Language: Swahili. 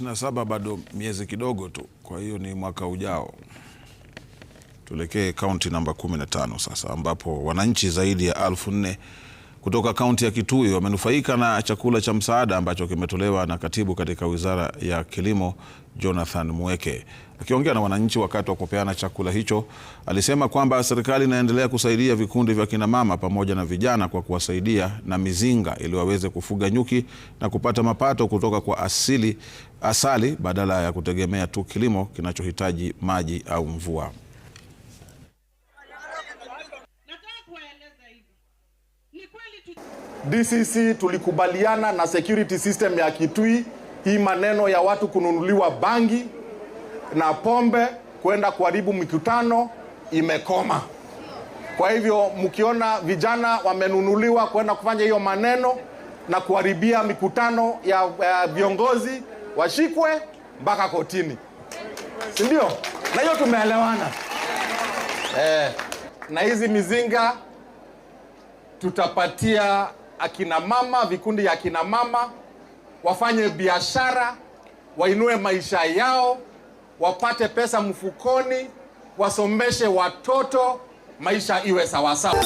27 bado miezi kidogo tu, kwa hiyo ni mwaka ujao. Tuelekee kaunti namba 15 sasa ambapo wananchi zaidi ya elfu nne kutoka kaunti ya Kitui wamenufaika na chakula cha msaada ambacho kimetolewa na katibu katika wizara ya kilimo Jonathan mweke Akiongea na wananchi wakati wa kupeana chakula hicho, alisema kwamba serikali inaendelea kusaidia vikundi vya kinamama pamoja na vijana kwa kuwasaidia na mizinga ili waweze kufuga nyuki na kupata mapato kutoka kwa asili, asali badala ya kutegemea tu kilimo kinachohitaji maji au mvua. DCC tulikubaliana na security system ya Kitui, hii maneno ya watu kununuliwa bangi na pombe kwenda kuharibu mikutano imekoma. Kwa hivyo mkiona vijana wamenunuliwa kwenda kufanya hiyo maneno na kuharibia mikutano ya viongozi, washikwe mpaka kotini, si ndio? Na hiyo tumeelewana eh. Na hizi mizinga tutapatia akina mama, vikundi ya akina mama wafanye biashara, wainue maisha yao, wapate pesa mfukoni, wasomeshe watoto, maisha iwe sawasawa.